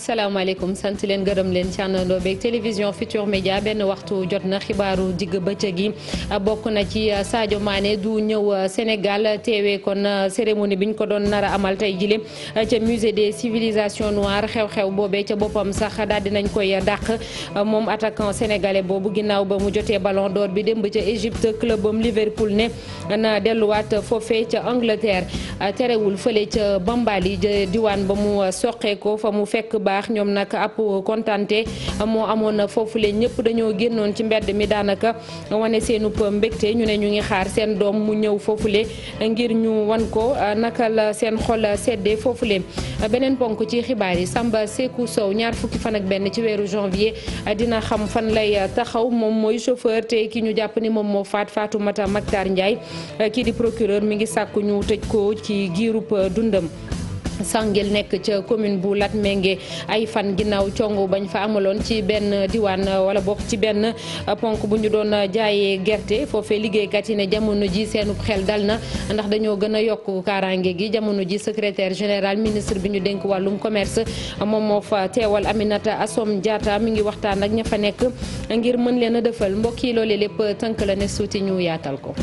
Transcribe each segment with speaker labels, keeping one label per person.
Speaker 1: asalaamaaleykum sant leen gërëm leen ci àndandoo beeg télévision Futur Média benn waxtu jot na xibaaru digg bëccëg yi bokk na ci euh, Sadio Mané du ñëw euh, Sénégal teewee kon euh, cérémonie bi ñu ko doon nara amal tey jile ca musée des civilisations noires xew-xew boobee ca boppam sax daal dinañ koy dàq moom attaquant sénégalais boobu ginnaaw ba mu jotee ballon d'or bi démb ca Égypte clubam Liverpool ne na delluwaat foofee ca Angleterre terewul fële ca Bambali diwaan ba mu soqee ko mu fekk. baax ñoom nag ab kontante moo amoon foofu foofule ñëpp dañoo génnoon ci mbedd mi daanaka wane seenub mbégte ñu ne ñu ngi xaar seen doom mu ñëw foofu foofule ngir ñu wan ko naka la seen xol foofu foofule beneen ponk ci xibaar yi Samba Sekou Sow ñaar fukki fan ak benn ci weeru janvier dina xam fan lay taxaw moom mooy chauffeur te ki ñu jàpp ni moom moo faat faatu Fatoumata Mactar Ndiaye kii di procureur mi ngi sàkku ñu tëj ko ci giirub dundam Sangil nekk ca commune bu lat Latmingué ay fan ginnaaw cong bañ fa amaloon ci benn diwaan uh, wala bokk ci benn uh, ponk bu ñu doon uh, jaayee gerte foofee liggéeykat yi ne jamono ji seenu xel dal na ndax dañoo gën a yokk kaaraange gi jamono ji secrétaire général ministre bi ñu dénk wàllum commerce moom moo fa teewal aminat Assome Diatta mi ngi waxtaan ak ña fa nekk ngir mën leen a defal mbokk yi loolee lépp tënk la ne suuti ñu yaatal ko.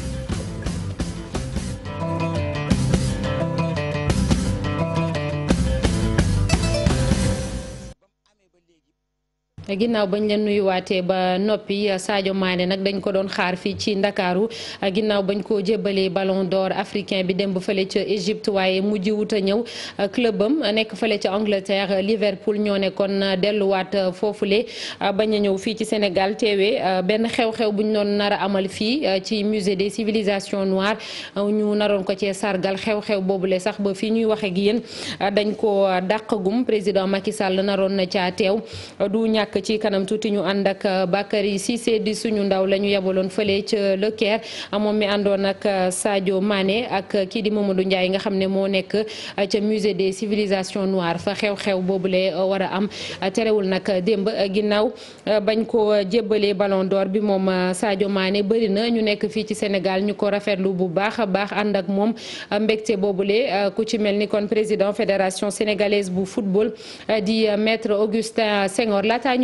Speaker 1: ginnaaw bañ leen nuyuwaatee ba noppi Sadio Mané nag dañ ko doon xaar fii ci Ndakaaru ginnaaw bañ koo jébbalee Ballon door africain bi dem ba fële ca Égypte waaye mujj wut a ñëw club am nekk fële ca Angleterre Liverpool ñoo nekkoon delluwaat foofule bañ a ñëw fii ci Sénégal teewee benn xew-xew bu buñ doon nar a amal fii ci musée des civilisations noires ñu naroon ko cee sargal xew-xew boobu le sax ba fii ñuy wax ak dañ ko dàqagum président Macky Sall naroon na caa ñàkk ci kanam tuuti ñu ànd ak euh, Bakary Cissé di suñu ndaw la ñu yabaloon fële ca Le Caire moom mi àndoon ak euh, Sadio Mané ak euh, kii di Mamadou Ndiaye nga xam ne moo nekk ca musée des civilisations noires fa xew-xew boobule war a am terewul nag démb ginnaaw bañ ko jébbalee ballon d'or bi moom Sadio Mané bëri na ñu nekk fii ci Sénégal ñu ko rafetlu bu baax a baax ànd ak moom mbégte boobule ku ci mel ni kon président fédération sénégalaise bu football di maître Augustin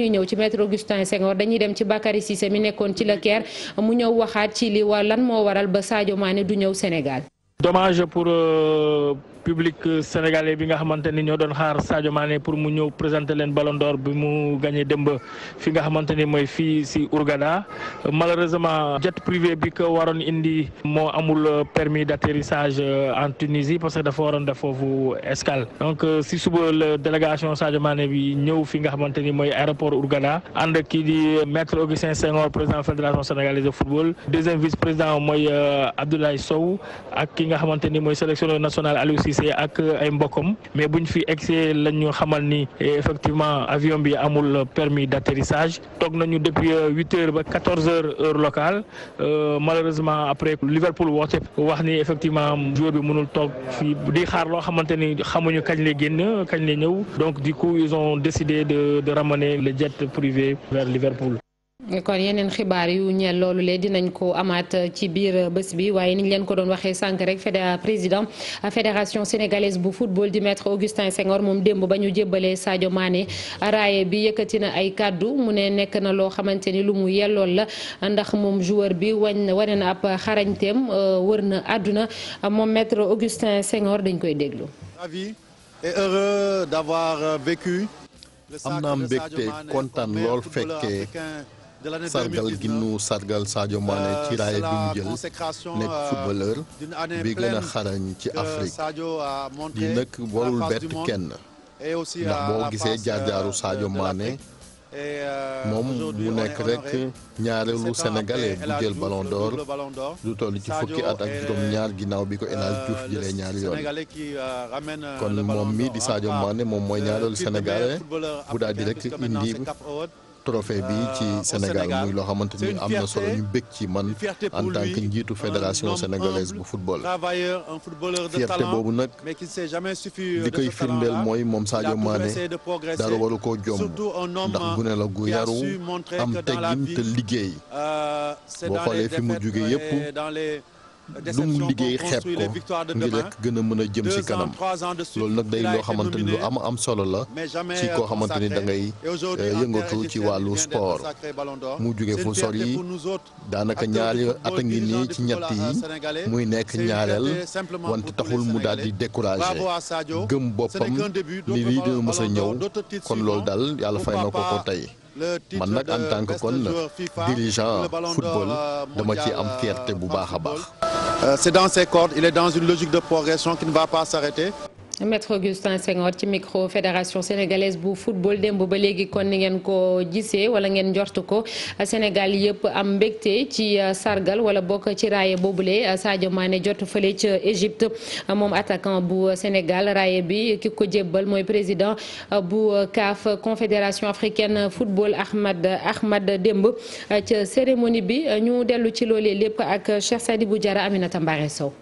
Speaker 1: ñuy ñëw ci maître Augustin Senghor dañuy dem ci Bakary Cissé mi nekkoon ci la Caire mu ñëw waxaat ci li wa lan moo waral ba Sadio Mané du ñëw Sénégal.
Speaker 2: dommage euh, public sénégalais bi nga xamante ni ñoo doon xaar Sadio Mané pour mu ñëw présenter leen Ballon d'Or bi mu gagné démb fi nga xamante ni mooy fii si Hurghada malheureusement jet privé bi ko waroon indi moo amul permis d'atterrissage euh, en Tunisie parce que dafa waroon def foofu escale donc euh, si suba la délégation Sadio Mané bi ñëw fi nga xamante ni mooy aéroport Hurghada ànd kii di euh, maître Augustin Senghor président fédération sénégalaise de football deuxième vice président mooy Abdoulaye Sow ak ki nga xamante ni mooy sélectionneur national Aliou Cissé gisee ak euh, ay mbokkam mais buñ fi egsee lañ ñu xamal ni eh, effectivement avion bi amul permis d'atterrissage toog nañu depuis euh, huit heures ba quatorze heures heure locale euh, malheureusement après Liverpool woote wax ni effectivement joueur bi mënul toog fii di xaar loo xamante ni xamuñu kañ le génn kañ lay ñëw donc du coup ils ont décidé de de ramener le jet privé vers Liverpool.
Speaker 1: kon yeneen xibaar yu ñeel loolu le dinañ ko amaat ci biir bés bi waaye niñ leen ko doon waxee sànq rek fédé président fédération sénégalaise bu football di maître Augustin Senghor moom démb ba ñu jébbalee Sadio Mané raaye bi yëkkati na ay kàddu mu ne nekk na loo xamante ni lu mu yellool la ndax moom joueur bi wañ wane na ab xarañteem euh, wër na àdduna moom maître Augustin Senghor dañ koy déglu.
Speaker 3: ravi euh,
Speaker 4: am naa mbégte kontaan lool fekkee. sargal gi
Speaker 3: nu sargal Sadio Mané euh, ci raaya bi mu jël nekk euh, footballeur bi gën a xarañ ci Afrique di nag warul bett kenn ndax boo gisee euh, jaar-jaaru saajo Mané moom mu nekk rek ñaareelu sénégalais bu jël ballon d'or du toll ci fukki at ak juróom-ñaar ginnaaw bi ko El Hadj Diouf jëlee ñaari yoon moom mooy ñaareelu sénégalais trophée bi euh, ci Sénégal muy loo xamante ni am na solo ñu bëgg ci man en tant que njiitu fédération sénégalaise bu football. fierté boobu nag euh, li koy firndeel mooy moom Sadio Mané dara waru koo jomb ndax gune la gu yaru am teggin liggéey euh, boo xoolee fi mu jugee yëpp. lu mu liggéey xeeb ko ngir rek gën a mën a jëm ci kanam loolu nag day loo xamante ni lu am am solo la ci koo xamante ni da ngay euh, yëngatu ci wàllu sport mu jóge fu sori daanaka ñaar at a ngi nii ci ñett yi muy nekk ñaareel wante taxul mu daal di découragé gëm boppam ni lii dina mës a ñëw kon loolu daal yàlla fay na ko ko tey. man nag en tant que kon dirigeant football dama ci am fierté bu baax a baax. Euh, c'est dans ses cordes il est dans une logique de progression qui ne va pas s'arrêter
Speaker 1: Maître Augustin Senghor ci micro fédération sénégalaise bu football démb ba léegi kon ni ngeen ko gisee wala ngeen jortu ko Sénégal yëpp am mbégte ci euh, sargal wala bokk ci raaye boobule euh, Sadio Mané jot fële ci Égypte moom attacan bu Sénégal raaye bi ki ko jébbal mooy président euh, bu CAF confédération africaine football Ahmad Ahmad démb ca cérémonie bi ñu dellu ci loolee lépp ak Cheikh Sadibou Diarra Aminata Mbaré Sow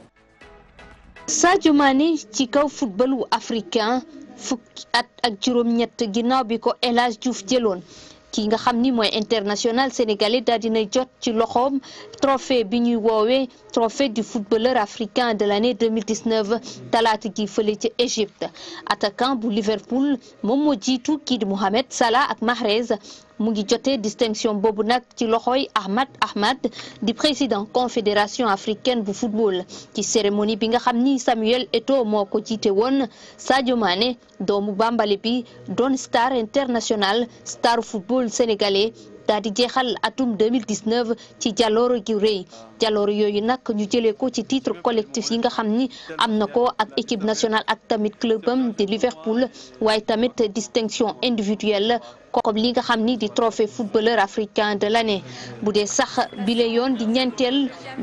Speaker 5: Sadio Mané ci kaw football wu africain fukki ak juróom-ñett ginnaaw bi ko El Hadj jëloon ki nga xam ni mooy international sénégalais daal jot ci loxoom trophée bi ñuy woowee trophée du footballeur africain de l'année 2019 talaata gi fële ca Égypte attaquant bu Liverpool moom moo jiitu kii di Mohamed Salah ak Mahrez mu ngi jotee distinction boobu nag ci loxoy Ahmad Ahmad di président confédération africaine bu football ci cérémonie bi nga xam ni Samuel Eto'o moo ko jiite woon Sadio Mané doomu Bambali bi doon star international star football sénégalais. daal di jeexal atum 2019 ci jalooro gi rëy jalooro yooyu nag ñu jëlee ko ci titre collectif yi nga xam ni am na ko ak équipe nationale ak tamit clubam de Liverpool waaye tamit distinction individuelle comme li nga xam ni di trophée footballeur africain de l'année bu dee sax bile yoon di ñeenteel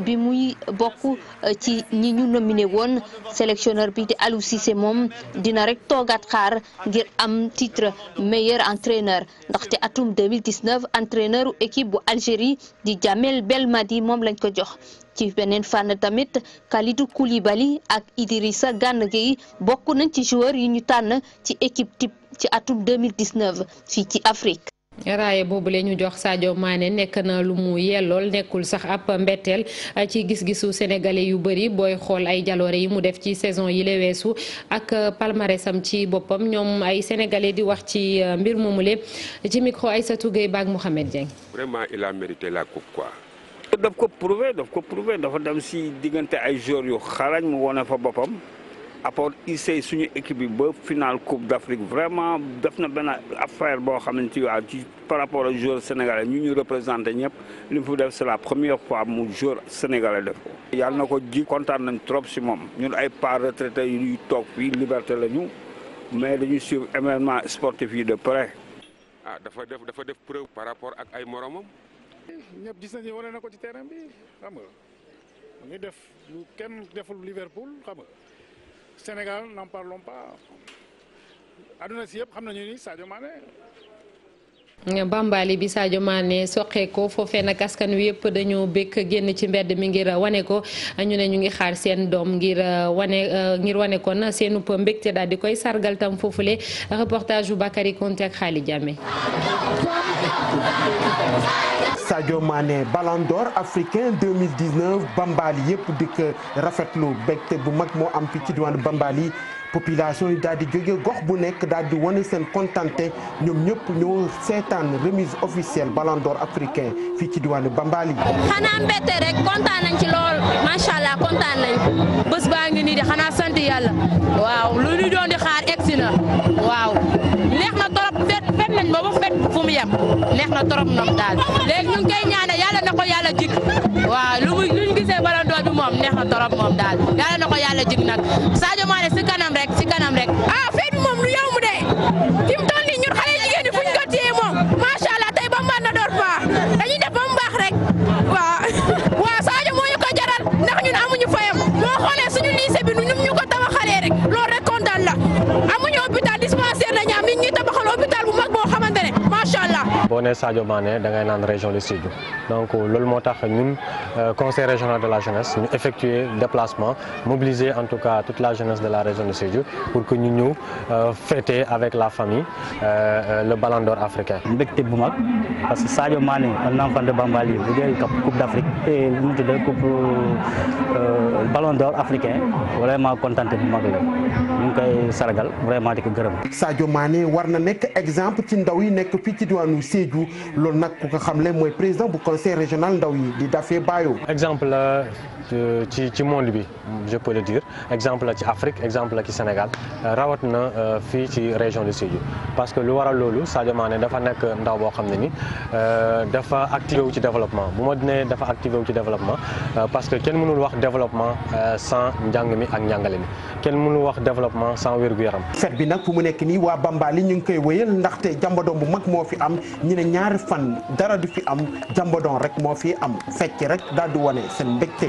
Speaker 5: bi muy bokk euh, ci ñi ñu nomine woon sélectionneur bi di Aliou Cissé moom dina rek toogaat xaar ngir am titre meilleur entraîneur ndaxte atum 2019 entraîneur équipe bu Algérie di Jamel Belmadi moom lañ ko jox ci beneen fànn tamit Kalidou Koulibaly ak Idrissa Gana Gueye bokk nañ ci joueur yi ñu tànn ci équipe type ci atum 2019 fii ci
Speaker 1: Afrique. raaye boobu la ñu jox Sadio Mané nekk na lu mu yellool nekkul sax ab mbetteel ah, ci gis-gisu sénégalais yu bëri booy xool ay jaloore yi mu def ci saison yi la weesu ak ah, palmarèsam ci boppam ñoom ay sénégalais di wax ci ah, mbir moomu lépp ci micro ay Gueye Ba ak Mouhamed Dieng.
Speaker 6: def ko prouvé daf ko prouvé dafa dem si diggante ay joueurs yu xarañ mu wone fa boppam apport issey suñu équipe bi ba final coupe d' vraiment def na benn affaire boo xam ni waaw ci par rapport ak joueur sénégalais ñu ñu représenté ñëpp li mu fi def c' est la première fois mu jour sénégalais def ko. yàlla na ko ji kontaan nañ trop si moom ñun ay par retraité yu toog fii liberté la ñu mais dañuy suivre événement sportif yi de près. ah dafa def dafa def preuve par rapport ak ay moromam.
Speaker 2: ñëpp gis nañu wone na ko ci terrain bi xam nga mu ngi def kenn deful Liverpool xam nga Sénégal n'en parlons pas àdduna si yëpp xam nañu ni Sadio Mané
Speaker 1: Bambali bi Sadio Mané soqee ko foofee nag askan wi yëpp dañoo békk génn ci mbedd mi ngir wane ko ñu ne ñu ngi xaar seen doom ngir euh, wane euh, ngir wane kon seenu mbégte daal di koy sargal tam foofule reportage bu Bakary Konte ak Khali Diame.
Speaker 7: Sadio Mané Ballon d'Or africain 2019 Bambali yëpp dikk rafetlu mbégte bu mag moo am fi ci diwaanu Bambali. population yi daal di jóge gox bu nekk daal di wane seen kontante ñoom ñëpp ñoo seetaan remise officielle ballon d'or africain fii ci diwaanu Bambali. xanaa mbette rek
Speaker 8: kontaan nañ ci lool macha allah kontaan nañ bés
Speaker 9: baa ngi nii di xanaa sant yàlla waaw lu ñu doon di xaar egsi na waaw. ba mu fet fu yem neex na trop ñoom daal léegi ñu ngi koy ñaanal yàlla na ko
Speaker 8: waaw lu mu lu ñu gisee moom neex na trop moom daal yàlla na ko yàlla jig nag Sadio si kanam rek si kanam rek ah fet moom lu yow
Speaker 10: boo nee Sadio Mané da ngay naan région de Sédhiou donc loolu moo tax ñun euh, conseil régional de la jeunesse ñu effectuer déplacement mobiliser en tout cas toute la jeunesse de la région de Sédhiou pour que ñu ñëw euh, fêter avec la famille euh, le Ballon d'Or
Speaker 4: africain. mbégte bu mag parce que Sadio Mané un enfant de Bambali bu jëlee coupe d'Afrique et lu coupe Ballon d'Or africain vraiment kontaan bu mag la ñu ngi sargal vraiment di ko gërëm.
Speaker 7: na nekk exemple ci ndaw yi juddu loolu nag ku ko xamle mooy président bu conseil régional ndaw yi di Dafé Bayo
Speaker 10: exemple euh, ci ci monde bi je peux le dire exemple la ci Afrique exemple la ci Sénégal euh, rawat na euh, fii ci région de Sédhiou parce que lu waral loolu Sadio maane dafa nekk ndaw boo xam ne ni euh, dafa activé wu ci développement bu ma nee dafa activé wu ci développement parce que kenn mënul wax développement sans njàng mi ak njàngale mi kenn mënul wax développement sans wér-gu-yaram
Speaker 7: fet bi nag fu mu nekk nii waa Bambali ñu ngi koy wéyal ndaxte jàmbadoon bu mag moo fi am ñu ne ñaari fan dara du fi am jàmbadoon rek moo fi am fecc rek daal di
Speaker 10: wane seen mbégte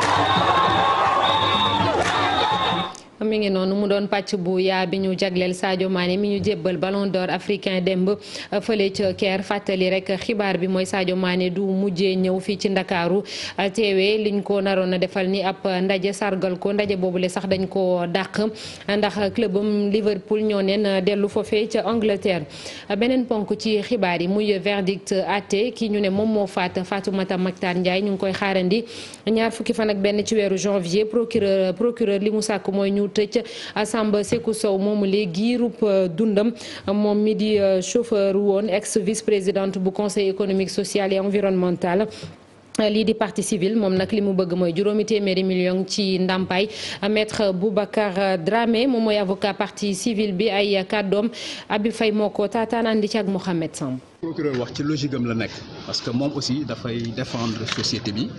Speaker 1: mi ngi noonu mu doon pàcc bu yaa bi ñu jagleel Sadio Mané mi ñu jébbal ballon d'or africain démb euh, fële Caire fàttali rek xibaar bi mooy Sadio maane du mujjee ñëw fii ci ndakaaru euh, teewee liñ ko naroon a defal ni ab ndaje sargal ko ndaje boobule sax dañ ko dàq ndax clubam Liverpool ñoo neen dellu foofee ca Angleterre beneen ponk ci xibaar yi muy verdict àtte ki ñu ne moom moo faat Fatoumata Mactar Ndiaye ñu ngi koy xaarandi ñaar fukki fan ak benn ci tëj Samba Sekou Sow moomu lee giirub euh, dundam moom mi di euh, chauffeur woon ex vice présidente bu conseil économique social et environnemental. lii di partie civile moom nag li mu bëgg mooy juróomi téeméeri million ci ndàmpaay maître Boubacar Dramé moom mooy avocat partie civile bi ay kàddoom Habib Faye moo ko taataan andi ci ak Mohamed Samb.
Speaker 10: procureur wax ci logique am la nekk parce que moom aussi dafay défendre société bi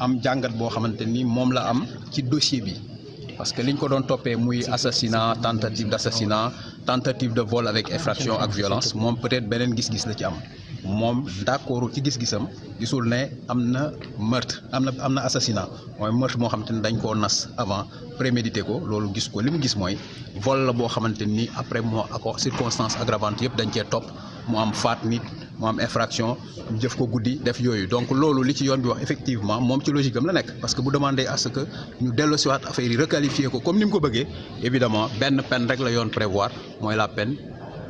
Speaker 10: am jàngat boo xamante ni moom la am ci dossier bi. parce que li ñu ko doon toppee muy assassinat tentative d'assassinat tentative de vol avec effraction ak violence moom peut-être beneen gis-gis la ci am moom d'accord ci gis-gisam gisul ne am na meurtre am na am na assassinat mooy meurtre moo xamante ni dañ koo nas avant prémédité ko loolu gis ko li mu gis mooy vol la boo xamante ni après moo ako circonstance aggravante yëpp dañ cee topp mu am faat nit mu am infraction ñu jëf ko guddi def yooyu donc loolu li ci yoon bi wax effectivement moom ci logique la nekk parce que bu demandé à ce que ñu delloosiwaat affaire yi requalifier ko comme ni mu ko bëggee évidemment benn peine rek la yoon prévoir mooy la peine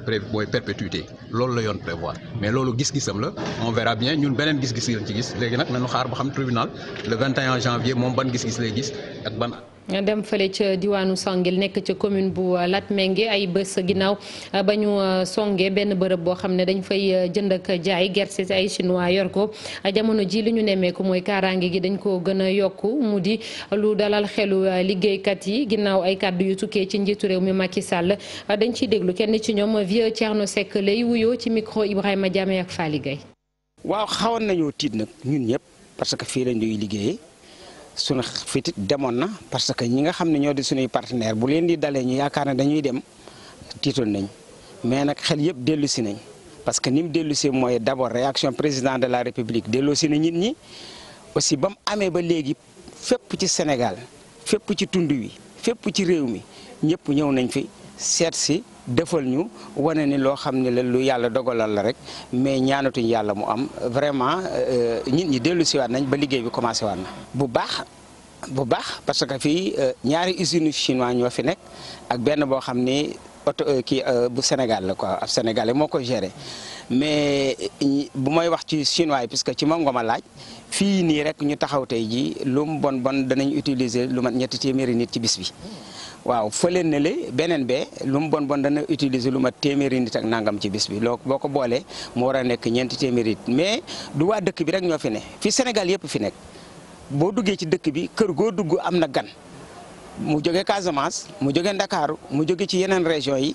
Speaker 10: pré mooy perpétuité loolu la yoon prévoir mais loolu gis-gisam la on bien ñun beneen gis-gis lañ ci gis léegi nag nañu xaar ba xam tribunal le janvier moom ban gis-gis lay gis ak ban.
Speaker 1: dem fële ca diwaanu Sangil nekk ca commune bu Latmingué ay bés ginnaaw ah, ba ñu ah, songee benn bërëb boo xam ne dañ fay ah, jënd ak jaay gerte si ay chinois yor ko jamono ji li ñu nemmeeku mooy kaaraange gi dañ ko gën a yokku mu di lu dalal xelu liggéeykat yi ginnaaw ay kàddu yu tukkee ci njiitu réew mi Macky sàll dañ ci déglu kenn ci ñoom vieux Thierno Seck lay wuyoo ci micro Ibrahima Diame ak Faly Gueye.
Speaker 4: waaw xawoon nañoo tiit nag ñun ñëpp parce que fii lañ doy liggéeyee sunu fitit demoon na parce que ñi nga xam ne ñoo di sunuy partenaire bu leen di dalee ñu yaakaar ne dañuy dem tiitoon nañ mais nag xel yëpp dellu si nañ parce que ni mu dellu mooy d' abord réaction président de la république dellu si na nit ñi aussi ba mu amee ba léegi fépp ci Sénégal fépp ci tund wi fépp ci réew mi ñëpp ñëw nañ fi seet si defal ñu wane ni loo xam ne la lu yàlla dogalal la rek mais ñaanatuñ yàlla mu am vraiment ñit euh, ñi dellu siwaat nañ ba liggéey bi commencé waat na bu baax bu baax parce que fii euh, ñaari usines chinois ñoo fi nekk ak benn boo xam ni auto euh, kii bu Sénégal la quoi ab sénégalais moo ko géré mais bu may wax ci chinois parce que ci moom nga ma laaj fii nii rek ñu taxaw tey jii lu bon bon danañ utiliser lu mat ñetti téeméeri nit ci bis bi. waaw fële ne li beneen bee lu mu bon bon dana utiliser lu mat téeméeri nit ak nangam ci bis bi loo boo ko boolee mu war a nekk ñeenti téeméeri mais du waa dëkk bi rek ñoo fi ne fi Sénégal yëpp fi nekk boo duggee ci dëkk bi kër goo dugg am na gan mu jóge Casamance mu jóge Ndakaaru mu jóge ci yeneen région yi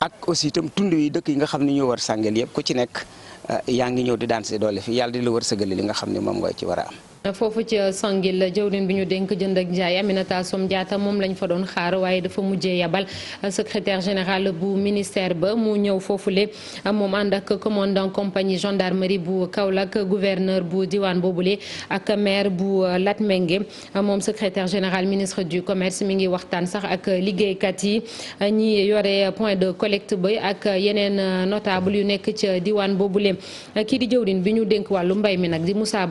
Speaker 4: ak aussi itam tund yi dëkk yi nga xam ne ñoo war Sàngel yëpp ku ci nekk euh, yaa ngi ñëw di daan si doole fi yàlla di la war wërsëgal li nga xam ne moom nga ci war a am
Speaker 1: foofu ca sangil jëwrin bi ñu dénk jënd ak njaay Aminata Som Diatta moom lañ fa doon xaar waaye dafa mujjee yabal secrétaire général bu ministère ba mu ñëw foofu foofule moom ànd ak commandant compagnie gendarmerie bu Kaolack gouverneur bu diwaan boobu lee ak maire bu Latmengue moom secretaire général ministre du commerce mi ngi waxtaan sax ak liggéeykat yi ñi yore point de collecte ba ak yeneen notable yu nekk ca diwaan boobu kii di jëwrin bi ñu dénk wàllu mbay mi nag di Moussa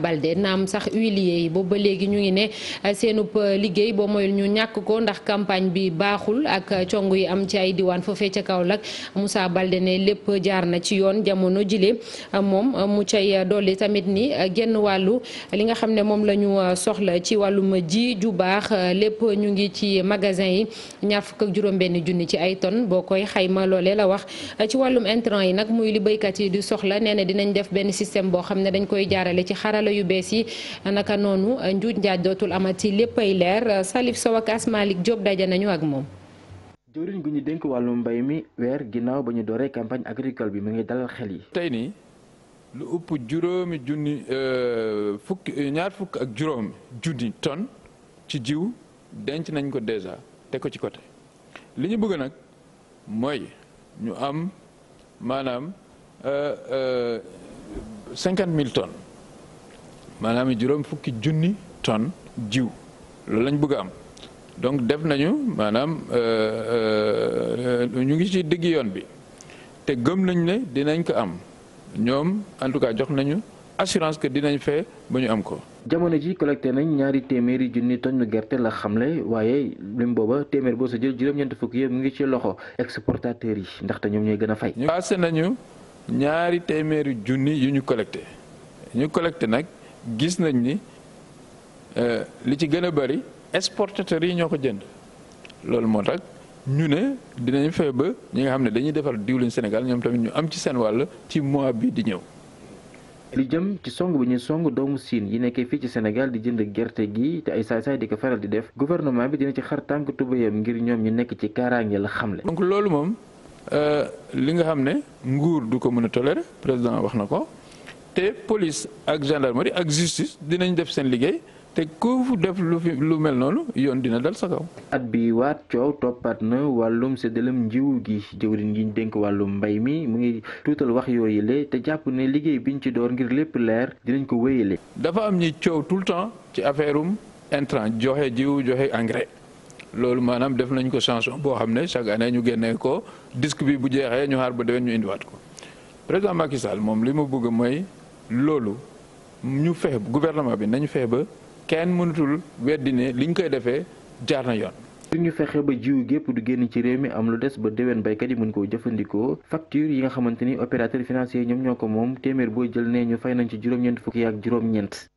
Speaker 1: huiliers yi boobu ba léegi ñu ngi ne eh, seenub eh, liggéey boo moyul ñu ñàkk ko ndax campagne bi baaxul ak eh, cong yi am ci ay diwaan foofee ca Kaolack Moussa Balde ne lépp jaar na ci yoon jamono jile moom mu cay dolli tamit ni genn wàllu li nga xam ne moom la ñu soxla ci wàllum ji ju baax lépp ñu ngi ci magasin yi ñaar fukk ak juróom-benn junni ci ay tonnes boo koy xayma loolee la wax ci wàllum intrant yi nag muy li béykat yi di soxla nee na dinañ def benn système boo xam ne dañ koy yu bees yi naka noonu euh, njuuj njaaj dootul amati léppay leer euh, Salif Sow ak Asmalik Diop
Speaker 11: daje nañu ak moom.
Speaker 12: jëwriñ gu ñu dénk wàllu mbay mi weer ginnaaw ba ñu dooree campagne agricole bi mu ngi dalal xel yi.
Speaker 11: tey nii lu ëpp juróomi junni euh, fukki ñaar fukk ak juróom junni tonne ci jiw denc nañ ko déjà te ko ci côté li ñu bëgg nag mooy ñu am maanaam cinquante mille tonnes. maanaam juróom fukki junni tonne jiw loolu lañ bëgg am donc def nañu maanaam euh, euh, ñu ngi ci digg yoon bi te gëm nañ ne dinañ ko am ñoom en tout cas jox nañu assurance que dinañ fee ba ñu am ko.
Speaker 12: jamono ji collecté nañ ñaari téeméeri junni tonne gerte la xamle waaye lim booba
Speaker 11: téeméer boo sa jël juróom-ñeent fukk yëpp mu ngi ci loxo exportateurs yi ndaxte ñoom ñooy gën a fay. passé nañu ñaari téeméeri junni yu ñu collecté ñu collecté nag. gis nañ ni euh, li ci gën a bari exportateurs yi ñoo ko jënd loolu moo tax ñu ne dinañ fexe ba ñi xam ne dañuy defar diwlin Sénégal ñoom tamit ñu am ci seen wàll ci mois bi di ñëw.
Speaker 12: li jëm ci song bi ñu song doomu siin yi nekkee fii ci Sénégal di jënd gerte gi ay saay di ko faral di def gouvernement bi dina ci xar tànk
Speaker 11: tubéyam ngir ñoom ñu nekk ci kaaraange la xamle. donc loolu moom euh, li nga xam ne nguur du ko mën a tolérer président wax na ko. te police ak gendarmerie ak justice dinañ def seen liggéey te ku def lu lu mel noonu yoon dina dal sa kaw. at bi
Speaker 12: waat coow toppaat na wàllum séddalem njiw gi jëwriñ gi ñu dénk wàllum mbay mi mu ngi
Speaker 11: tuutal wax yooyu le te jàpp ne liggéey bi ñu ci door ngir lépp leer dinañ ko wéyale. dafa am ñi coow tout le temps ci affaire um entrant joxe jiw joxe engrais loolu maanaam def nañ ko chanson boo xam ne chaque année ñu génnee ko disque bi bu jeexee ñu xaar ba déwén ñu indiwaat ko mooy. loolu ñu fexe gouvernement bi nañu fee ba kenn mënatul weddi ne liñ koy defee jaar na yoon. su ñu
Speaker 12: fexe ba jiw gépp du génn ci réew mi am lu des ba déwén baykat yi mën koo jëfandikoo facture yi nga xamante ni opérateur financier ñoom ñoo ko moom téeméer boo jël nee ñu fay nañ ci juróom-ñeent fukki ak juróom-ñeent.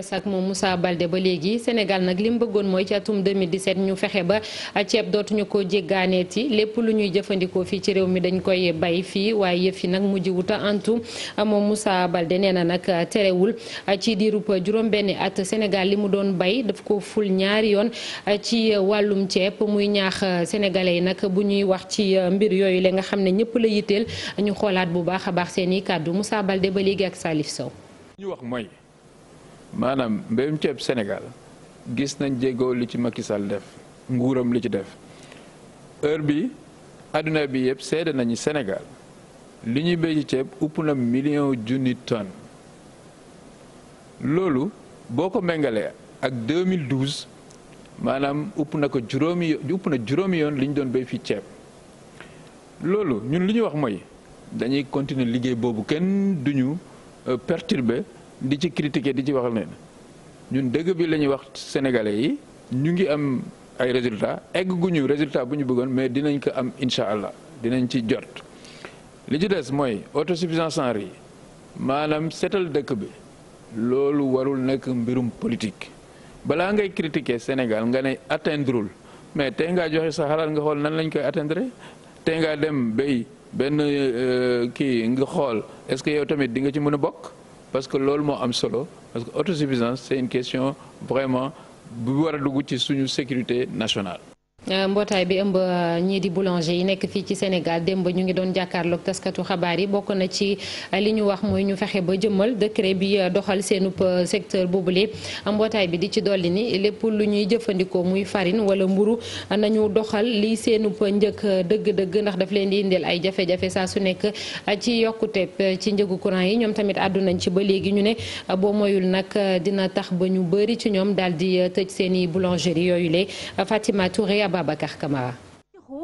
Speaker 1: s ak moom Moussa balde ba léegi Sénégal nag li mu bëggoon mooy ci atum 2017 ñu fexe ba ceeb dootuñu ko jéggaaneeti lépp lu ñuy jëfandikoo fii ci réew mi dañ koy bay fii waaye yëf yi nag mujj wuta antu moom musa balde nee na nag terewul ci diiru juróom at Sénégal li mu doon bay daf ko ful ñaari yoon ci wàllum ceeb muy ñaax sénégalais yi nag bu ñuy wax ci mbir yooyu la nga xam ne ñëpp la yiteel ñu xoolaat bu baax a baax seen i kàddu Moussa balde ba léegi ak Salif Sow
Speaker 11: maanaam mbéyum ceeb Sénégal gis nañ jéego li ci Macky Sall def nguuram li ci def heure bi àdduna bi yëpp seede nañu Sénégal li ñuy béy ci ceeb upp na million junni tonnes loolu boo ko méngalee ak 2012 maanaam upp na ko juróomi upp na yoon li ñu doon béy fii ceeb loolu ñun li ñu wax mooy dañuy continuer liggéey boobu kenn du duñu euh, perturber di ci critiquer di ci waxal ne ñun dëkk bi la ñuy wax sénégalais yi ñu ngi am ay résultats egg gu ñu résultat bu ñu bëggoon mais dinañ ko am incha allah dinañ ci jot. li ci des mooy auto autosuffisance en yi maanaam setal dëkk bi loolu warul nekk mbirum politique balaa ngay critiquer Sénégal nga ne atteindreul mais tee ngaa joxe sa xalaat nga xool nan lañ koy atteindre tey ngaa dem béy benn euh, kii nga xool est-ce que yow tamit di nga ci mën a bokk. parce que loolu moo am solo parce que autosuffisance c'est une question vraiment bu war a dugg ci suñu sécurité nationale
Speaker 1: Euh, mbootaay bi ëmb euh, ñii di boulanger yi nekk fii ci Sénégal démb ñu ngi doon jàkkaarloog taskatu xabaar yi bokk na ci euh, li ñu wax mooy ñu fexe ba jëmmal décret bi doxal seenu seenub secteur boobule mbootaay bi di ci dolli ni lépp lu ñuy jëfandikoo muy farine wala mburu nañu doxal li seenub njëkk dëgg-dëgg ndax daf leen di indil ay jafe-jafe saa su nekk ci yokkute ci njëgu courant yi ñoom tamit àddunañ ci ba léegi ñu ne boo moyul nag dina tax ba ñu bëri ci ñoom daal di tëj seen i yooyu le Ababacar Camara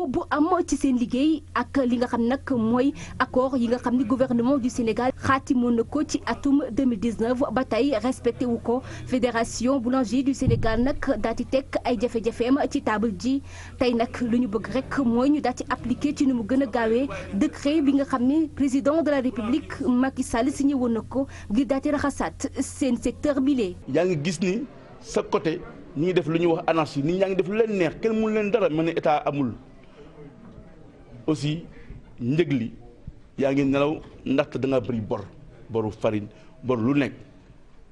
Speaker 8: bu am ci seen liggéey ak li nga xam nag mooy accord yi nga xam ni gouvernement du Sénégal xaatimoon na ko ci atum 2019 ba tey respecté wu ko fédération boulanger du Sénégal nag daal di teg ay jafe-jafeem ci taabal ji tey nag lu ñu bëgg rek mooy ñu daal di appliqué ci ni mu gën a gaawee décret bi nga xam ni président de la république Macky si signé woon na ko ngir daal di raxasaat seen secteur bi
Speaker 7: yaa ngi gis ni sa côté ñi ngi def lu ñuy wax anarchie nit ñaa ngi def lu leen neex kenn mënu leen dara mel ne état amul aussi njëg li yaa ngi nelaw ndaxte da nga bëri bor boru farine bor lu nekk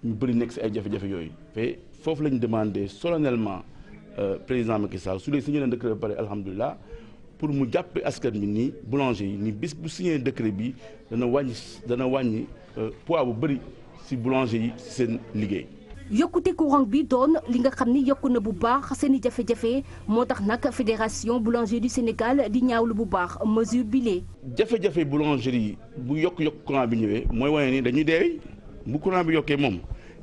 Speaker 7: ñu bëri nekk si ay jafe-jafe yooyu te foofu la ñu demandé solennellement euh, président Macky saa su dee signé na décret ba pare alhamdulilah pour mu jàppe askan bi nii boulanger yi nii bis bu siñee décret bi dana wàññi dana wàññi euh, pois bu bëri si boulanger yi seen liggéey.
Speaker 8: yokkute courant bi doon li nga xam ni yokku na bu baax seen i jafe-jafe moo tax nag fédération boulanger du Sénégal di ñaawlu bu baax mesure bi lee
Speaker 7: jafe-jafe boulangerie bu yokk yokk courant bi ñëwee mooy wane ni dañuy deey bu courant bi yokkee moom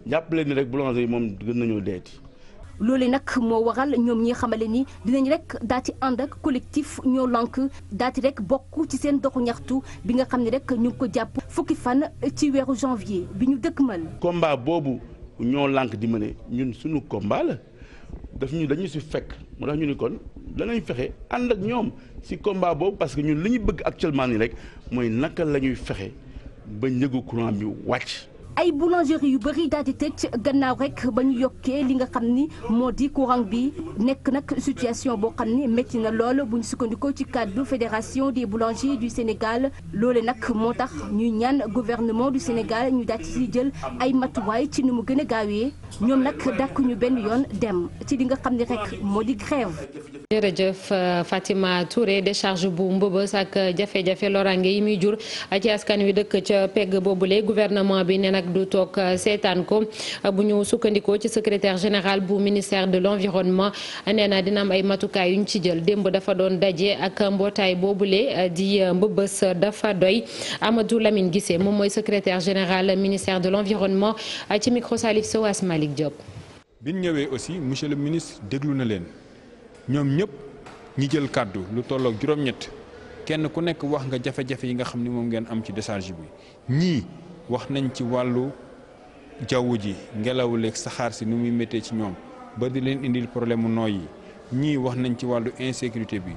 Speaker 7: jàppale ni rek boulangerie moom gën nañoo deeti
Speaker 8: loole nag moo waral ñoom ñi xamale ni dinañ rek ci ànd ak collectif ñoo lank ci rekk bokk ci seen doxu ñaxtu bi nga xam ne rek ñu ngi ko jàpp fukki fan ci weeru janvier bi ñu dëkkmal
Speaker 7: combat boobu ñoo lànk di ma ne ñun suñu combat la daf ñu dañu si fekk moo tax ñu ni kon danañ fexe ànd ak ñoom si combat boobu parce que ñun li ñuy bëgg actuellement nii rek mooy naka la ñuy fexe ba njëgu courant
Speaker 8: bi wàcc. ay boulangerie yu bëri daal di tëj gannaaw rek ba ñu yokkee li nga xam ni moo di courant bi nekk nag situation boo xam ni métti na lool bu ñu sukkandikoo ci cadre fédération des boulangers du Sénégal loole nag moo tax ñuy ñaan gouvernement du Sénégal ñu daal ci jël ay matuwaay ci ni mu gën a gaawee ñoom nag dàkk ñu benn yoon dem ci li nga xam ni rek moo di grève.
Speaker 1: jërëjëf euh, Fatima Touré décharge bu mbëbës ak jafe-jafe lorange yi muy jur ci askan wi dëkk ca pegg boobule gouvernement bi nee na du toog euh, seetaan ko euh, bu ñu sukkandikoo ci secrétaire général bu ministère de l'environnement nee na dina am ay matukaay yu ñu ci jël démb dafa doon daje ak mbootaay boobu le euh, di mbëbës dafa doy amatu Lamine gisee moom mooy secretaire général ministère de l'environnement ci micro Salif Sowas Malick Diop.
Speaker 6: bi ñu ñëwee aussi monsieur le ministre déglu na leen ñoom ñëpp ñi jël kàddu lu tolloog juróom kenn ku nekk wax nga jafe yi nga xam ni moom ngeen am ci décharge bi wax nañ ci wàllu jaww ji ngelaw leeg saxaar si nu muy méttee ci ñoom ba di leen indil problème mu nooy yi ñii wax nañ ci wàllu insécurité bi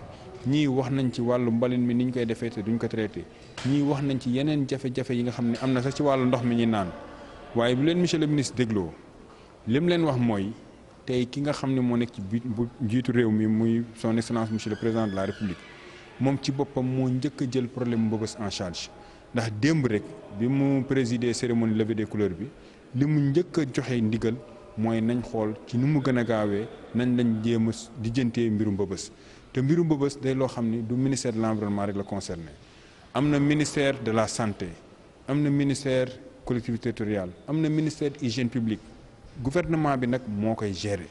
Speaker 6: ñii wax nañ ci wàllu mbalin mi ni ñu koy defee te duñ ko traité ñii wax nañ ci yeneen jafe-jafe yi nga xam ne am na sax ci wàllu ndox mi ñu naan waaye bu leen monsieur le ministre dégloo li mu leen wax mooy tey ki nga xam ne moo nekk ci bu njiitu réew mi muy son excellence monsieur le président de la république moom ci boppam moo njëkk jël problème mu Mbeubeuss en ndax démb rek bi mu présider cérémonie levée de couleurs bi li mu njëkk joxe ndigal mooy nañ xool ci ni mu gën a gaawee nañ lañ jéem a dijjantee mbiru mbëbës te mbiru mbëbës day loo xam ni du ministère de l'environnement rek la concerné am na ministère de la santé am na ministère collectivité territoriale am na ministère hygiène publique gouvernement bi nag moo koy gérer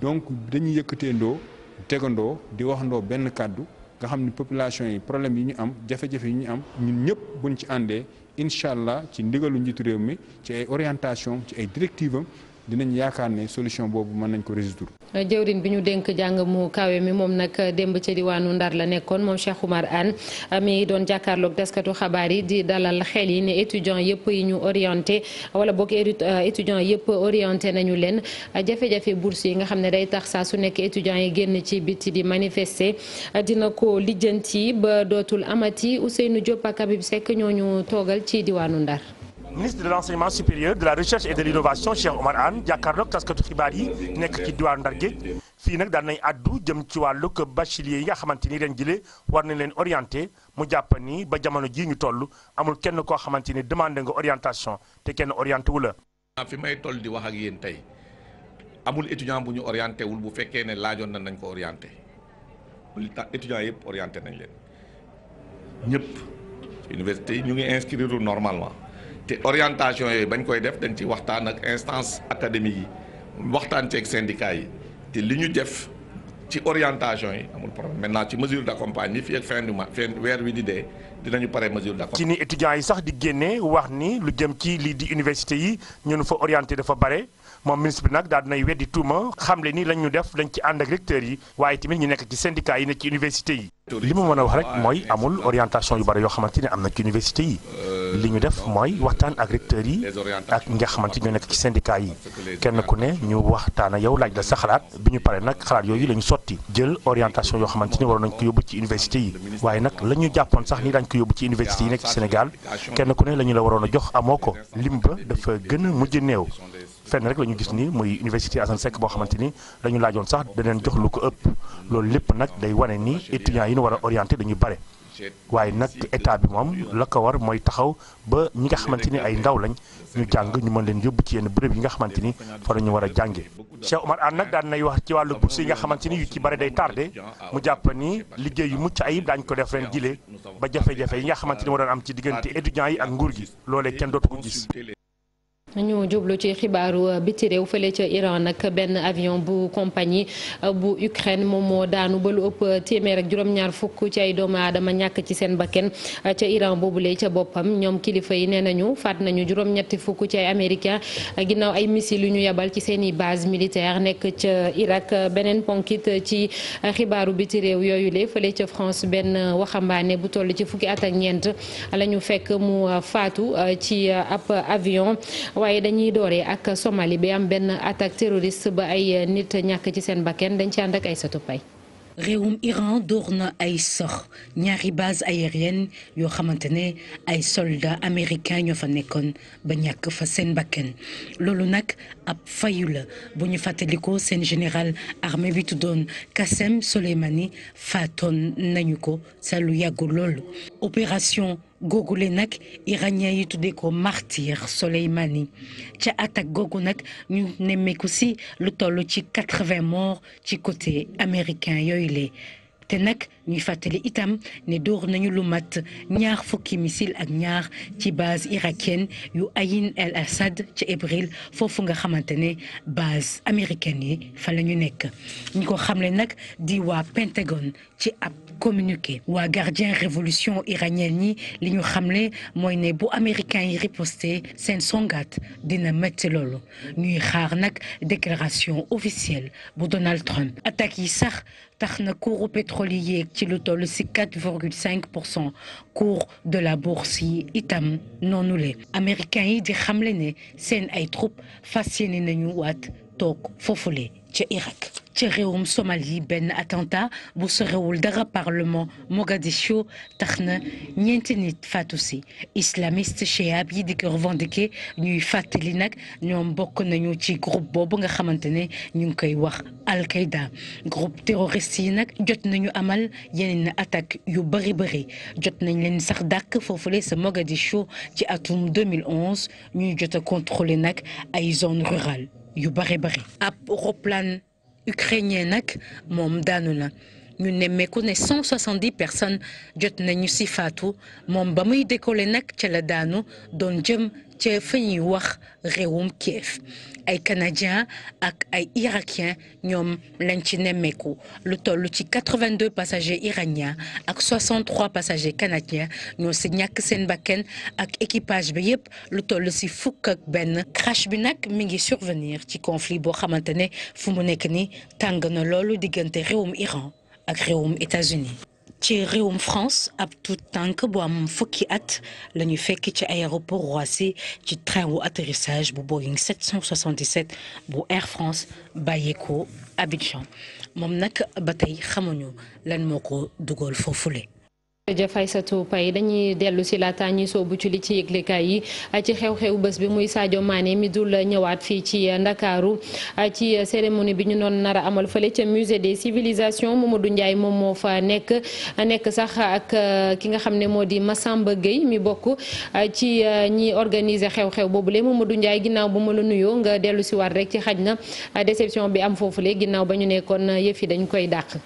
Speaker 6: donc dañu yëkkateendoo tegandoo di wax ndoo benn kàddu nga xam ni population yi problème yi ñu am jafe-jafe yi ñu am ñun ñëpp buñ ci àndee incha allah ci ndigalu njiitu réew mi ci ay orientation ci ay directive am dinañ yaakaar ne solution boobu mën nañ ko résoudre.
Speaker 1: jëwrin bi ñu dénk jàng mu kawe mi moom nag démb ca diwaanu Ndar la nekkoon moom Cheikh Oumar Anne mi doon jàkkaarloog taskatu xabaar yi di dalal xel yi ne étudiants yëpp yi ñu orienté wala boog euh, étudiants yëpp orienté nañu leen jafe-jafe bourse yi nga xam ne day tax saa su nekk étudiants yi génn ci biti di manifester dina ko lijjanti ba dootul amati Ousseynou Diop bi Habib Seck ñoo ñu toogal ci diwaanu Ndar.
Speaker 13: ministre de l'enseignement supérieur de la recherche et de l'innovation Cheikh Omar Anne jàkkaarloog taskatu xibaar yi nekk ci diwaan Ndar Géej fii nag daan nañ addu jëm ci wàllug bachelier yi nga xamante ni ren jile war nañ leen orienté mu jàpp ni ba jamono jii ñu toll amul kenn koo xamante ni demandé nga orientation te kenn orienté wu la.
Speaker 7: Ah, fi may toll di wax ak yéen tey amul étudiant bu ñu orienté wul bu fekkee ne laajoon nañ nañ ko orienté li tax yëpp orienté nañ leen ñëpp université ñu ngi inscrire normalement. te orientation yooyu bañ koy def dañ ci waxtaan ak instance académique yi waxtaan ceeg syndicat yi te li ñu def ci orientation yi amul problème maintenant ci mesure d'accompagnement yi fii ak fin du mois fin weer wi di dee dinañu pare mesure
Speaker 13: d'accompagnement. ci ni étudiants yi sax di génne wax ni lu jëm ci lii di université yi ñu ñun fa orienté dafa bare moom ministre bi nag daal dinay weddi tuuma xamle ni lañ ñu def dañ ci ànd ak recteurs yi waaye tamit ñu nekk ci syndicats yi nekk ci université yi. li ma mën a wax rek mooy amul orientation yu bare yoo xamante ne am na ci université yi. Euh, li ñu def mooy waxtaan ak recteurs yi ak ñi nga xamante ñoo nekk ci syndicat yi kenn ku ne ñu waxtaan ak yow laaj la sa xalaat bi ñu paree nag xalaat yooyu la ñu sotti jël orientation yoo xamante ni waroon nañ ko yóbbu ci université yi waaye nag la ñu jàppoon sax ni dañ ko yóbbu ci université yi nekk ci kenn ku ne la ñu la waroon a jox amoo ko lim ba dafa gën a mujj néew fenn rek la ñu gis ni muy université Assane Seck boo xamante ni la laajoon sax daneen jox lu ko ëpp loolu lépp nag day wane ni étudiants yi ñu war a orienté dañu bare waaye nag état bi moom la ko war mooy taxaw ba ñi nga xamante ni ay ndaw lañ ñu jàng ñu mën leen yóbbu ci yenn béréb yi nga xamante ni fa la ñu war a jàngee. Cheikh Omar daan nay wax ci wàllu bourse yi nga xamante ni yu ci bare day tardé mu jàpp ni liggéey yu mucc ayib daañu ko def ren jile ba jafe-jafe yi nga xamante ni moo doon am ci diggante étudiants yi ak nguur gi loolee kenn dootu ko gis.
Speaker 1: ñu jublu ci xibaaru euh, biti réew fële ca Iran nag benn avion bu compagnie euh, bu Ukraine moom moo daanu ba ëpp euh, téeméer ak juróom-ñaar fukk ci ay doomu aadama ñàkk ci seen bakken ca Iran boobule ca boppam ñoom kilifa yi nee nañu faat nañu juróom-ñetti fukk ci ay ginaaw ay missiles yu ñu yabal ci seen i base militaire nekk ca Irak beneen ponkit ci xibaaru biti réew yooyu le fële ca France benn waxambaane bu toll ci fukki at ak ñeent lañu fekk mu faatu ci ab avion. waaye dañuy dooree ak Somalie bi am benn attaque terroriste ba ay nit ñàkk ci seen bakken dañ ci ànd ak ay satupay
Speaker 9: réewum Iran dóor na ay sox ñaari base aérienne yoo xamante ne ay soldats américains ñoo fa nekkoon ba ñàkk fa seen bakken loolu nag ab fayu la bu ñu fàttalikoo seen général armée bi tuddoon Qassem Soleimani faatoon nañu ko sa lu yàggul loolu opération googule nag iranien yi tuddee ko martyr Soleimani ca attaque googu nag ñu nemmeeku si lu toll ci 80 morts ci côté américain yooyu lee te nag ñuy fàttali itam ne dóor nañu lu matt ñaar fukki missile ak ñaar ci base irakienne yu Aïn El Assad ci Ibril foofu nga xamante ne base américaine yi fa la ñu nekk ñi ko xamle nag di waa Pentagone ci ab communiqué waa gardien révolution iranienne yi li ñu xamle mooy ne bu américan yi riposté seen songaat dina métti loolu ñuy xaar nag déclaration officielle bu Donald Trump attaque yi sax tax na cours pétrole yi yéeg ci lu toll si 4,5 pour cent cours de la bourse yi itam noonu le américain yi di xamle ne seen ay troupes fas yéene nañu waat toog foofule ca Irak ci réewum benn attentat bu sorewul dara parlement Mogadiscio tax na ñeenti nit faatu si islamiste chiab yi di ko revendiquer ñuy fàttali nag ñoom bokk nañu ci groupe boobu nga xamante ne ñu ngi koy wax al groupe terroriste nag jot nañu amal yeneen attaque yu bëri bëri jot nañ leen sax dàkk foofule sa Mogadiscio ci atum 2011 ñuy jot a nag ay zone rurale yu bëri bëri ukrainien nag moom daanu na ñu nemmeeku ne 170 personnes jot nañu ci faatu moom ba muy décoller nag ca la daanu doon jëm ca fa ñuy wax réewum Kiev ay canadiens ak ay irakiens ñoom lañ ci nemmeeku lu toll ci 82 passagers iraniens ak 63 passagers canadiens ñoo si ñàkk seen bakken ak équipage bi yépp lu toll si fukk ak benn crash bi nag mi ngi survenir ci conflit boo xamante ne fu mu nekk ni tàng na loolu diggante réewum Iran ak réewum États-Unis ci réewum France ab tuut tànk bu am fukki at la ñu fekk ci aéroport Roissy ci train wu atterrissage bu Boeing 777 bu Air France bàyyeekoo Abidjan moom nag ba tey xamuñu lan moo ko dugal foofule.
Speaker 1: jërëjëf Aïssatou yi dañuy dellu si laata ñuy soobu ci li ci yëglekaay yi ci xew-xew bés bi muy Sadio Mané mi dul ñëwaat fii ci Ndakaaru ci cérémonie bi ñu noon nar a amal fale ca musée des civilisations Mamadou Ndiaye moom moo fa nekk a nekk sax ak euh, ki nga xam ne moo di Massamba Gueye mi bokk euh, ci euh, ñi organiser xew-xew boobu boobule Mamadou Ndiaye ginnaaw ba ma la nuyoo nga dellu si waat rek ci xaj na déception bi am foofu foofule ginnaaw ba ñu nekkoon yëf yi dañ koy dàq.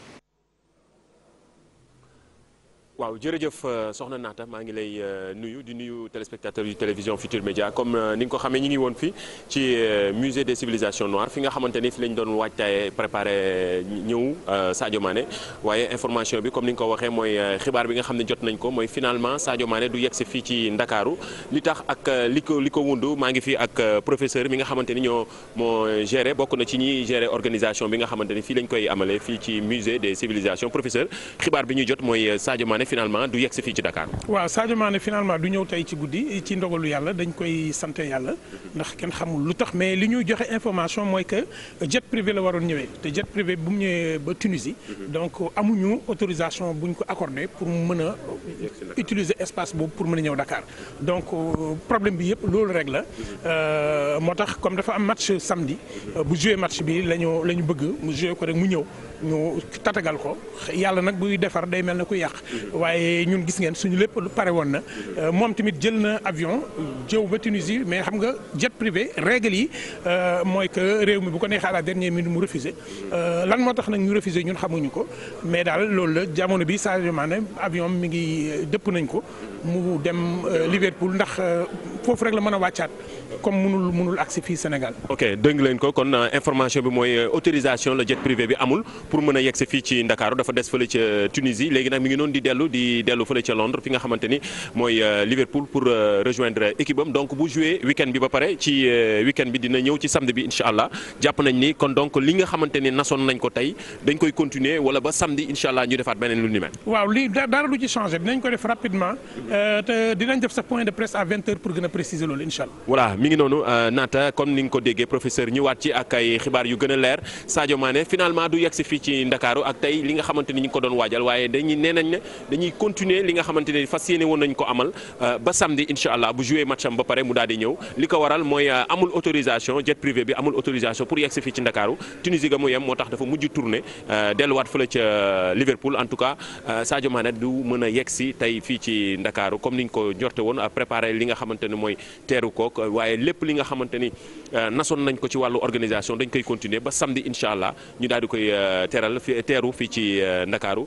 Speaker 14: waaw jërëjëf euh, soxna Naata maa ngi lay euh, nuyu di nuyu téléspectateurs yu télévision Futur Média comme euh, ni nga ko xamee ñu ngi woon fi ci musée des civilisations noires fi nga xamante ni fi lañ doon waajtaay préparé ñëw Sadio Mané waaye information bi comme ni nga ko waxee mooy xibaar bi nga xam ne jot nañ ko mooy finalement Sadio Mané du yegg si fii ci Ndakaaru li tax ak li ko li ko wundu maa ngi fi ak professeur mi nga xamante ni ñoo moo géré bokk na ci ñi géré organisation bi nga xamante ni fii lañ koy amalee fii ci musée de civilisations professeur xibaar bi ñu jot mooy Sadio maane Mané finalement du yegsi fii ci Dakar.
Speaker 15: waaw Sadio Mané finalement du ñëw tey ci guddi ci ndogalu yàlla dañ koy sant yàlla ndax kenn xamul lu tax mais li ñuy joxe information mooy que jet privé la waroon ñëwee te jet privé bu mu ñëwee ba Tunisie. donc amuñu autorisation buñ ko accordé pour mën a utiliser espace boobu pour mën a ñëw Dakar donc problème bi yëpp loolu rek la euh, moo tax comme dafa am match samedi euh, bu joué match bi lañu la ñu bëgg mu joué ko rek mu ñëw. ñu tatagal ko yàlla nag buy defar day mel na ku yàq waaye ñun gis ngeen suñu lépp pare woon na moom tamit jël na avion jëw ba Tunisie mais xam nga jet privé règle yi euh, mooy que réew mi bu ko neexee à la dernière mu refusé euh, lan moo tax nag ñu refusé ñun xamuñu ko mais daal loolu la jamono bi Sadio Mané avion mu ngi euh, dëpp nañ ko mu dem Liverpool ndax foofu rek la mën a wàccaat comme mënul mënul agsi fii Sénégal.
Speaker 14: ok dégg leen ko kon euh, information bi mooy euh, autorisation la jet privé bi amul pour mën a yegsi fii ci Ndakaaru dafa des fële ca euh, Tunisie léegi nag mi ngi noonu di dellu di dellu fële ca Londres fi nga xamante mooy Liverpool pour rejoindre équipe donc bu joué week bi ba pare ci week bi dina ñëw ci samedi bi incha allah jàpp nañ ni kon donc li nga xamante ni nasoon nañ ko tey dañ koy continuer wala ba samedi incha a mi ngi noonu euh, naata comme ni nga ko déggee professeur ñëwaat ci ak ay xibaar yu gën a leer Sadio Mané finalement du yegsi fii ci Ndakaaru ak tey li nga xamante ni ñu ngi ko doon waajal waaye dañuy nee nañ ne dañuy continuer li nga xamante ne fas yéene woon nañ ko amal euh, ba samedi incha allah bu joué match ba pare mu daal di ñëw li ko waral mooy euh, amul autorisation jet privé bi amul autorisation pour yegsi fii ci Ndakaaru Tunisie ga mu yem moo tax dafa mujj tourné delluwaat fële ca Liverpool en tout cas Sadio Mané du mën tey fii ci Ndakaaru comme niñ ko njorte woon préparé li nga xamante ne mooy waaye lépp li nga xamante ni euh, nasoon nañ ko ci wàllu organisation dañ koy continuer ba samedi incha allah ñu daal di koy euh, teral fi teeru fii ci euh, Ndakaaru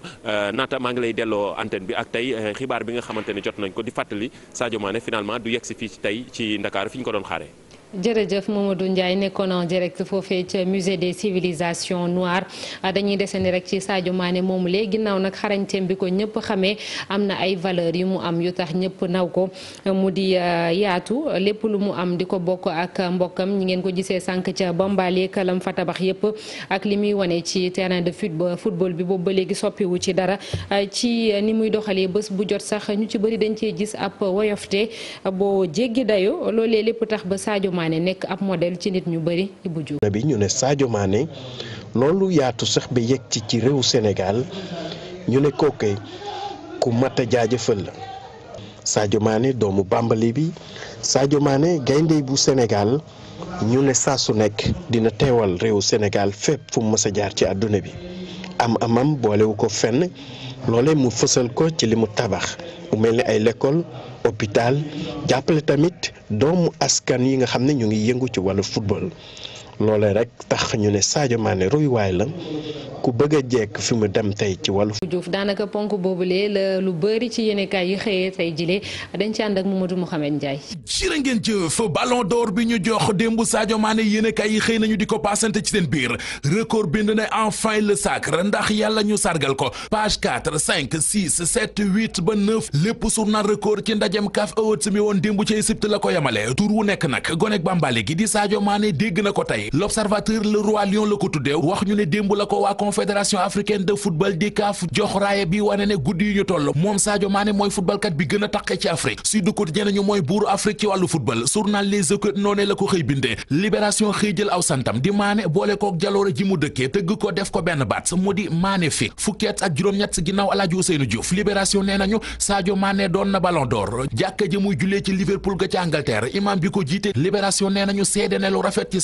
Speaker 14: naata maa ngi lay delloo antenne bi ak tey xibaar bi nga xamante ni jot nañ ko di fàttali Sadio Mané finalement du yegg si fii ci tey ci Ndakaaru fi ñu ko doon xaaree.
Speaker 1: jërëjëf Mamadou Ndiaye nekkoon en direct foofee ca musée des civilisations noires dañuy desandi rek ci Sadio Mané moomu léegi ginnaaw nag xarañteem bi ko ñëpp xamee am na ay valeurs yu mu am yu tax ñëpp naw ko mu di uh, yaatu lépp lu mu am di ko bokk ak mbokkam ñi ngeen ko gisee sànq ca Bambali kalam fa tabax yëpp ak li muy wane ci terrain de football bi boobu ba léegi soppiwu ci dara uh, ci ni muy doxalee bés bu jot sax ñu ci bëri dañ cee gis ab woyofte boo jéggi dayo Mané nekk ab modèle ci nit ñu bëri Ibou Diouf.
Speaker 10: bi ñu ne Sadio Mané loolu yaatu sax ba yegg ci ci réew Sénégal ñu ne kooke ku mat a jaajëfal la Sadio Mané doomu bàmbali bi Sadio Mané gaynde bu senegaal ñu ne saa su nekk dina teewal réewu senegaal fépp fum mu mës a jaar ci àdduna bi am amam boolewu ko fenn loolee mu fësal ko ci limu tabax mu mel ni ay lekkool hôpital jàppale tamit doomu askan yi nga xam ne ñu ngi yëngu ci wàllu football loole rek tax ñu ne Sadio Mané royuwaay la ku bëgg a jekk fi mu dem tey ci wàllu.
Speaker 1: Diouf daanaka ponk boobu lee la lu bëri ci yéenekaay yi xëyee tey jile dañ ci ànd ak Mamadou Mouhamed Ndiaye.
Speaker 16: jërë ngeen jëf ballon door bi ñu jox démb Sadio Mané yéenekaay yi xëy nañu di ko paasante ci seen biir record bind na en le sacre ndax yàlla ñu sargal ko page quatre cinq six sept huit ba neuf lépp surna record ci ndajem CAF Awards mi woon démb ci Égypte la ko yemale tur wu nekk nag gonek bambale gi di Sadio Mané dégg na ko tey footballé l'observateur le roi lion la ko tuddee wax ñu ne démb la ko waa confédération africaine de football di kaaf jox raaya bi wane ne guddi yu ñu toll moom Sadio Mané mooy footballkat bi gën a taqe ci Afrique Sud Quotidien ñu mooy buuru Afrique ci wàllu football journal Les Échos noonee la ko xëy bindee libération xëy jël aw santam di Mané boole kook jaloore ji mu dëkkee tëgg ko def ko benn baat mu di Mané fi fukki ak juróom-ñett si ginnaaw Alaaji Ousseynou Diouf libération nee nañu Sadio Mané doon na ballon d'or jàkka ji muy jullee ci Liverpool ga ci Angleterre bi ko jiite libération nee nañu seede ne lu rafet ci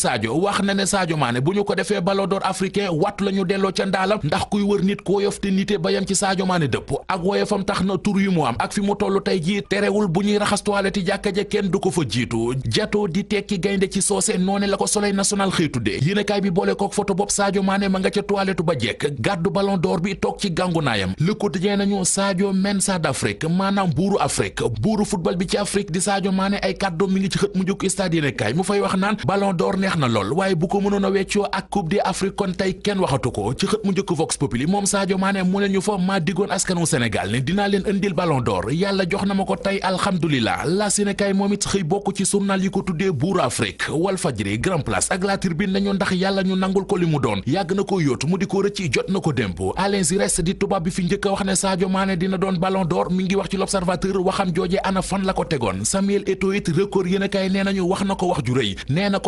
Speaker 16: wax na ne Sadio Mané bu ñu ko defee ballon d'or africain wat la ñu delloo ca ndaalam ndax kuy wër nit koo yof te nite ba yam ci Sadio Mané dëpp ak woyofam tax na tur yi mu am ak fi mu toll tey jii terewul bu ñuy raxas toilette jàkka ja kenn du ko fa jiitu jato di tekki gaynde ci soose noone la ko soleil national xëy tuddee yéenekaay bi boole kook photo bopp Sadio Mané ma nga ca toilette ba jekk gàddu ballon d'or bi toog ci gàngunaayam Le Quotidien nañu Sadio men South Afrique maanaam buuru Afrique buuru football bi ci Afrique di Sadio Mané ay kàddoom mi ngi ci xët mu njëkk stade fay wax naan ballon d'or neex na lool waaye bu ko mënoon weccoo ak coupe d'Afrique kon tey kenn waxatu ko ci xët mu njëkk Vox Populi moom Sadio Mané mu ne ñu fa maa diggoon askanu Sénégal ne dinaa leen indil ballon d'or yàlla jox na ma ko tey alhamdulilah la Sénégal moom it xëy bokk ci journal yi ko tuddee buur Afrique Walf Fadjri Grand Place ak La Tribune nañu ndax yàlla ñu nangul ko li mu doon yàgg na ko yóotu mu di ko rëcc jot na ko démb Alain Giresse di tubaab bi fi njëkk a wax ne Sadio Mané dina doon ballon d'or mi ngi wax ci l'Observateur a kaay nee nañu wax na ko wax ju rëy nee na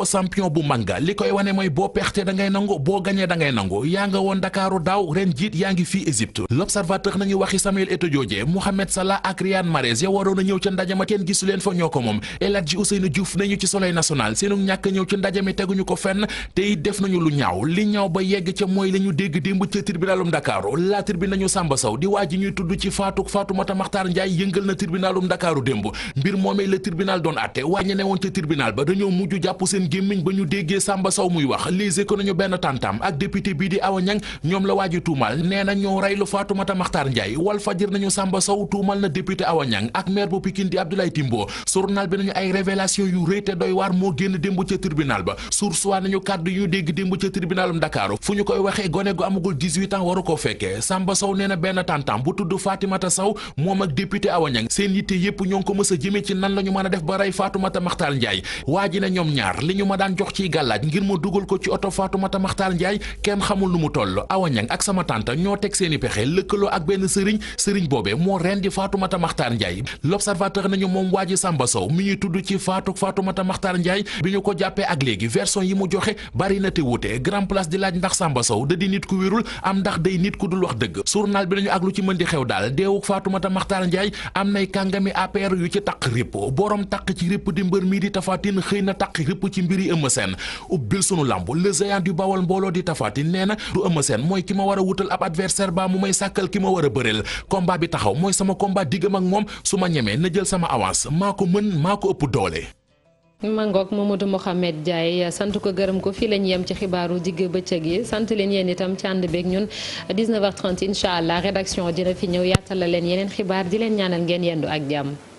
Speaker 16: li koy wane mooy boo perte da ngay nangu boo gañee da ngay nangu yaa nga woon Dakaaru daaw ren jiit yaa ngi fii Égypte l'observateur nañu waxi Samuel Eto'o Diodje Mohamed Salah ak Riyad Mahrez ya waroon a ñëw ca ndaje ma kenn gisu leen fa ñoo ko moom El Hadji Ousseynou Diouf nañu ci Soleil national seenu ñàkk ñëw ci ndaje teguñu ko fenn te it def nañu lu ñaaw li ñaaw ba yegg ca mooy la ñu dégg démb ca tribunalum Dakaaru la tribune nañu Samba saw di waa ji ñuy ci Fatou Fatoumata Makhtar Ndiaye yëngal na tribunalum Dakaaru démb mbir moomee la tribunal doon atte waa ña newoon ca ba dañoo jàpp seen ba ñu déggee Samba Sow muy wax Les Échos nañu benn tantam ak député bii di Awa Niang yu dégg démb ca tribunalum Dakaaru fu ñu koy waxee gone gu amagul 18 ans waru koo fekkee Samba Sow nee na benn tantam bu tudd Fatimata Sow moom ak député Awa seen yitte yépp ñoo ko mës a ci nan la ñu mën a def ba rey Fatoumata Maxtaar Ndiaye waa ne ñoom ñaar li ñu ma daan jox ciy gàlla laaj ngir ma dugal ko ci oto Fatoumata Maxtaar Ndiaye kenn xamul nu mu toll Awa Niang ak sama tante ñoo teg seeni pexe lëkkaloo ak benn sëriñ sëriñ boobee moo ren di Fatoumata Maxtaar Ndiaye l'observateur nañu moom waaj ji Samba Sow mi ñuy tudd ci faatuk Fatoumata Maxtaar Ndiaye bi ñu ko jàppee ak léegi version yi mu joxe bari na te wute grand place di laaj ndax Samba Sow da di nit ku wérul am ndax day nit ku dul wax dëgg surnaal bi nañu ak lu ci mën di xew daal deewuk Fatoumata Maxtaar Ndiaye am nay kàngami APR yu ci taq ripp borom taq ci ripp di mii di Tapha Tine xëy na taq ripp ci mbiri Eumeu Sène ubbil sunu lamb le géant du Bawol mbooloo di tafaatin nee na du Eumeu Sène mooy ki ma war a wutal ab adversaire baa mu may sàkkal ki ma war a bëreel combat bi taxaw mooy sama combat diggam ak moom su ma ñemee na jël sama avance maa ko mën maa ko ëpp doole
Speaker 1: mangook Mamadou Mohamed Ndiaye sant ko gërëm ko fii lañ yem ci xibaaru digg bëccëg yi sant leen yéen itam ci ànd beeg ñun 19h30 incha allah rédaction dina fi ñëw yaatal la leen yeneen xibaar di leen ñaanal ngeen yendu ak jàmm